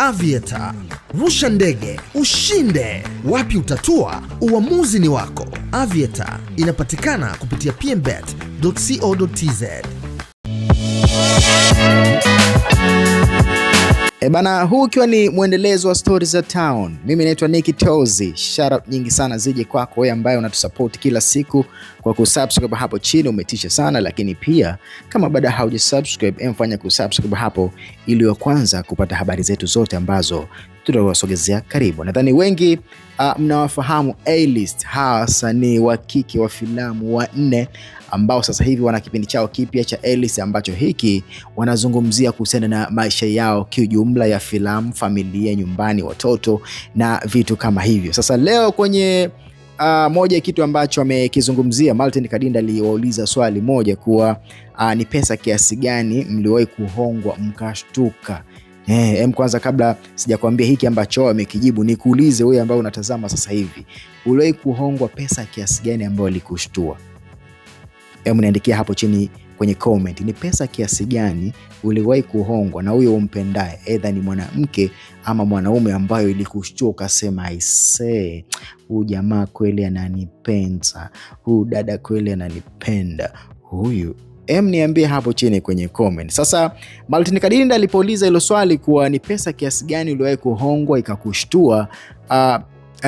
avieta rusha ndege ushinde. Wapi utatua? Uamuzi ni wako. avieta inapatikana kupitia pmbet.co.tz. E bana, huu ukiwa ni mwendelezo wa stori za town. Mimi naitwa Nicky Tozi. Shout-out nyingi sana zije kwako wewe ambaye unatusupport kila siku kwa kusubscribe hapo chini, umetisha sana lakini pia kama bado haujasubscribe, emfanya kusubscribe hapo ili wa kwanza kupata habari zetu zote ambazo tutawasogezea karibu. Nadhani wengi uh, mnawafahamu A-list, hawa wasanii wa kike wa filamu wanne ambao sasa hivi wana kipindi chao kipya cha A-list ambacho hiki wanazungumzia kuhusiana na maisha yao kiujumla ya filamu, familia, nyumbani, watoto na vitu kama hivyo. Sasa leo kwenye Uh, moja ya kitu ambacho amekizungumzia Martin Kadinda aliwauliza swali moja kuwa uh, ni pesa kiasi gani mliwahi kuhongwa mkashtuka Eh, em kwanza kabla sijakwambia hiki ambacho amekijibu nikuulize wewe ambao unatazama sasa hivi. Uliwahi kuhongwa pesa kiasi gani ambayo ilikushtua? Em, niandikia hapo chini kwenye comment ni pesa kiasi gani uliwahi kuhongwa na huyo umpendaye, aidha ni mwanamke ama mwanaume, ambayo ilikushtua ukasema, aisee, huu jamaa kweli ananipenda, huu dada kweli ananipenda, huyu Em, niambie hapo chini kwenye comment. Sasa Martin Kadinda alipouliza hilo swali kuwa ni pesa kiasi gani uliwahi kuhongwa ikakushtua, uh,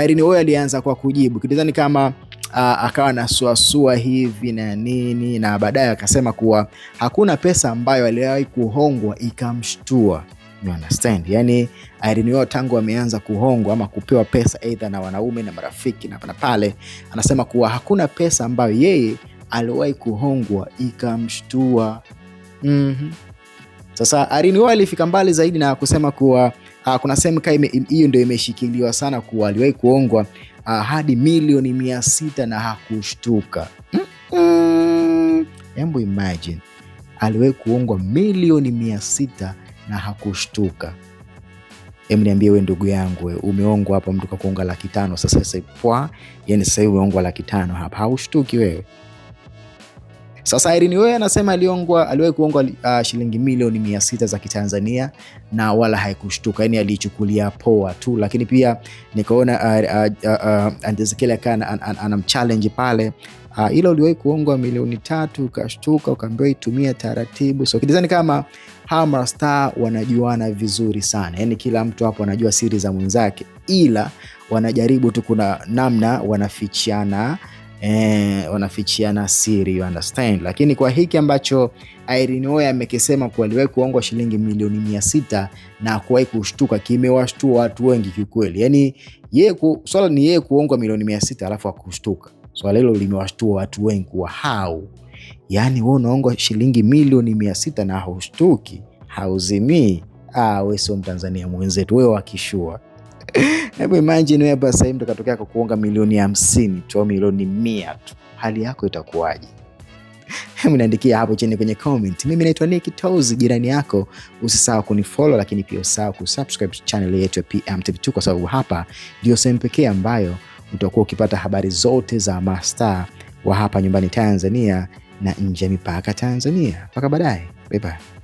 Irene Uwoya alianza kwa kujibu kidhani kama Uh, akawa suasua hivi na nini na baadaye akasema kuwa hakuna pesa ambayo aliwahi kuhongwa ikamshtua. You understand? Yani Irene Uwoya tangu ameanza kuhongwa ama kupewa pesa aidha na wanaume na marafiki na pale, anasema kuwa hakuna pesa ambayo yeye aliwahi kuhongwa ikamshtua. mm -hmm. Sasa Irene Uwoya alifika mbali zaidi na kusema kuwa uh, kuna sehemu kama hiyo ndio imeshikiliwa sana kuwa aliwahi kuhongwa uh, hadi milioni mia sita na hakushtuka. mm -mm. -hmm. imagine aliwahi kuhongwa milioni mia sita na hakushtuka. Em, niambie we ndugu yangu, umeongwa hapa mtu kakuonga laki tano sasa, sasa yani sasa hivi umeongwa laki tano hapa, haushtuki wewe? Sasa Irene Uwoya anasema aliongwa, aliwahi kuongwa uh, shilingi milioni mia sita za Kitanzania na wala haikushtuka, yani alichukulia poa tu, lakini pia nikaona uh, uh, uh, uh an, anamchallenge pale uh, ila uliwahi kuongwa milioni tatu ukashtuka, ukaambiwa itumia taratibu. So kidizani kama hawa mastaa wanajuana vizuri sana, yani kila mtu hapo anajua siri za mwenzake, ila wanajaribu tu, kuna namna wanafichiana eh, wanafichiana siri you understand. Lakini kwa hiki ambacho Irene Uwoya amekisema kuwa aliwahi kuongwa shilingi milioni mia sita na kuwahi kushtuka, kimewashtua watu wengi kiukweli. Yani yeye swala ni yeye kuongwa milioni mia sita alafu akushtuka swala hilo limewashtua watu wengi kuwa hau, yani wewe unaongwa shilingi milioni mia sita na haushtuki, hauzimii. Ah, wewe sio Mtanzania mwenzetu, wewe wakishua Hebu imagine wewe hapa sasa hivi tukatokea kukuonga milioni hamsini tu au milioni mia tu, hali yako itakuwaje? Hebu niandikia hapo chini kwenye comment. Mimi naitwa Nick Toes, jirani yako. Usisahau kunifollow, lakini pia usisahau kusubscribe channel yetu ya PM TV2, kwa sababu hapa ndio sehemu pekee ambayo utakuwa ukipata habari zote za mastaa wa hapa nyumbani Tanzania na nje ya mipaka Tanzania. Mpaka baadaye, bye bye.